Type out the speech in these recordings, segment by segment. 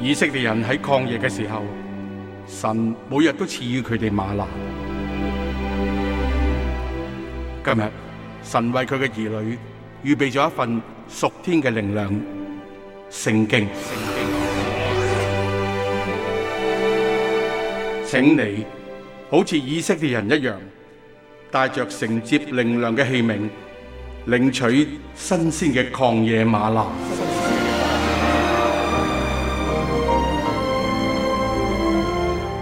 以色列人喺曠野嘅時候，神每日都賜予佢哋嗎哪。今日神為佢嘅兒女預備咗一份屬天嘅靈糧，聖經。聖經請你好似以色列人一樣，帶着承接靈糧嘅器皿，領取新鮮嘅曠野嗎哪。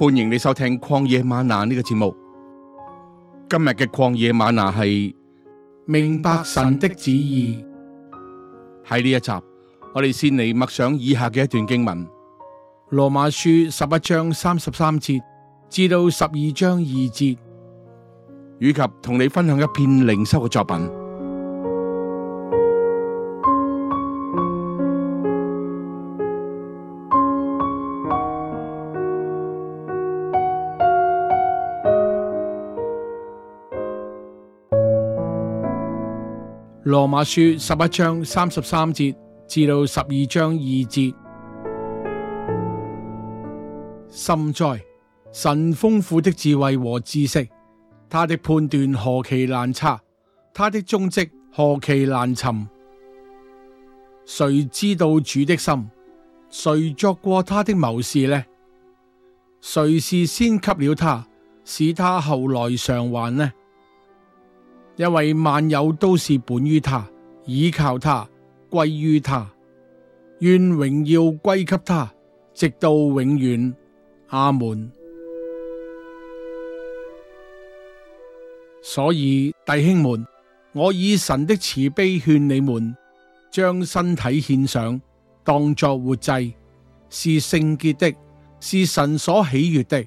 歡迎你收聽曠野嗎哪呢個節目。今日嘅曠野瑪拿係明白神的旨意，喺呢一集，我哋先嚟默想以下嘅一段經文：羅馬書十一章三十三節至到十二章二節，以及同你分享一篇靈修嘅作品。羅馬書十一章三十三節至到十二章二節，深哉神豐富的智慧和知識，他的判斷何其難測，他的蹤跡何其難尋。誰知道主的心？誰作過他的謀士呢？誰是先給了他，使他後來償還呢？因為萬有都是本於他，倚靠他，歸於他，願榮耀歸給他，直到永遠。阿門。所以弟兄們，我以神的慈悲勸你們，將身體獻上，當作活祭，是聖潔的，是神所喜悅的。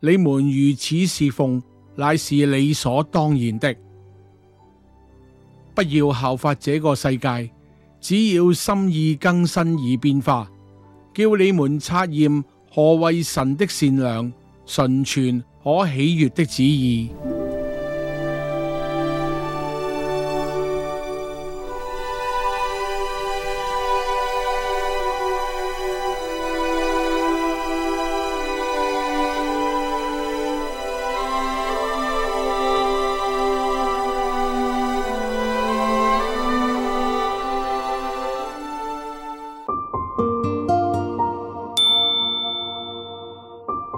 你們如此侍奉，乃是理所當然的。不要效法這個世界，只要心意更新而變化，叫你們察驗何為神的善良、純全、可喜悦的旨意。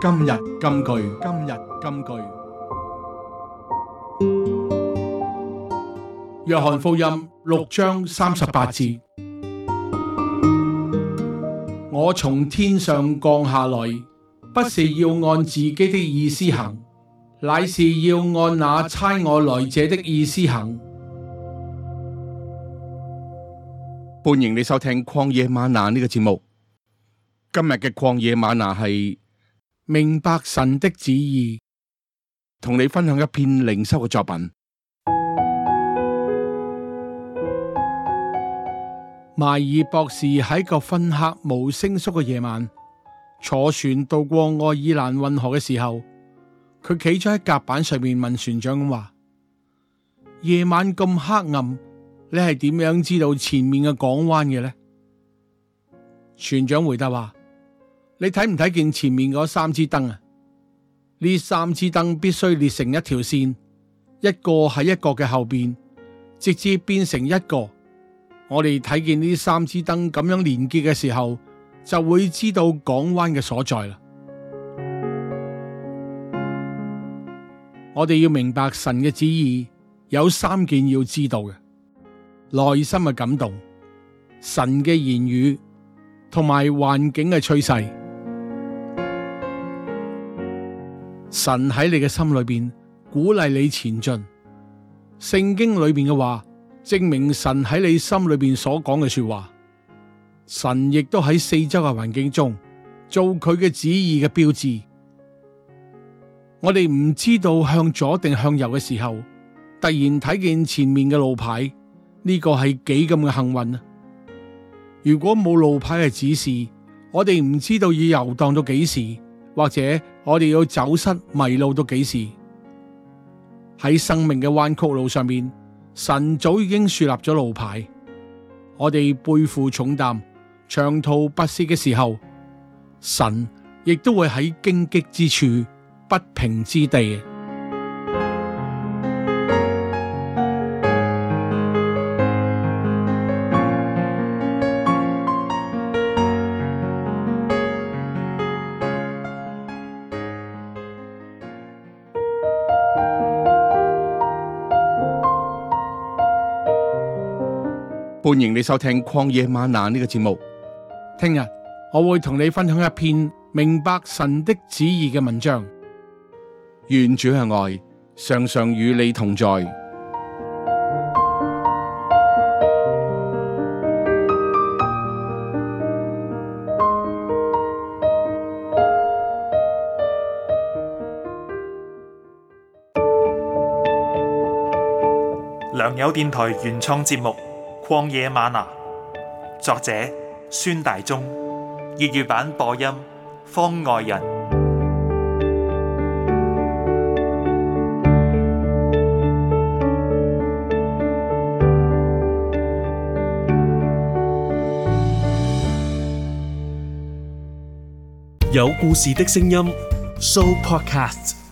今日金句，今日金句。約翰福音六章三十八字：「我從天上降下來，不是要按自己的意思行，乃是要按那差我來者的意思行」。歡迎你收聽曠野瑪拿呢個節目。今日嘅曠野瑪拿係。明白神的旨意，同你分享一篇靈修嘅作品。邁爾博士喺個昏黑無聲息嘅夜晚，坐船到過愛爾蘭運河嘅時候，佢企咗喺甲板上面問船長咁話：「夜晚咁黑暗，你係點樣知道前面嘅港灣嘅呢？」船長回答話。你睇唔睇見前面嗰三支燈啊？呢三支燈必須列成一條線，一個喺一個嘅後邊，直至變成一個。我哋睇見呢三支燈咁樣連結嘅時候，就會知道港灣嘅所在啦。 我哋要明白神嘅旨意有三件要知道嘅：內心嘅感動、神嘅言語同埋環境嘅趨勢。神喺你嘅心裏邊鼓勵你前進，聖經裏邊嘅話證明神喺你心裏邊所講嘅說話。神亦都喺四周嘅環境中做佢嘅旨意嘅標誌。我哋唔知道向左定向右嘅時候，突然睇見前面嘅路牌，呢個係幾咁嘅幸運啊！如果冇路牌嘅指示，我哋唔知道要遊蕩到幾時，或者。我哋要走失迷路到幾時？喺生命嘅彎曲路上面，神早已經樹立咗路牌。我哋背負重擔，長途跋涉嘅時候，神亦都會喺荊棘之處、不平之地。歡迎你收聽曠野嗎哪呢個節目。聽日我會同你分享一篇明白神的旨意嘅文章。願主嘅愛常常與你同在。良友電台原創節目。曠野嗎哪，作者孫大中，粵語版播音方外人，有故事的聲音 show podcast。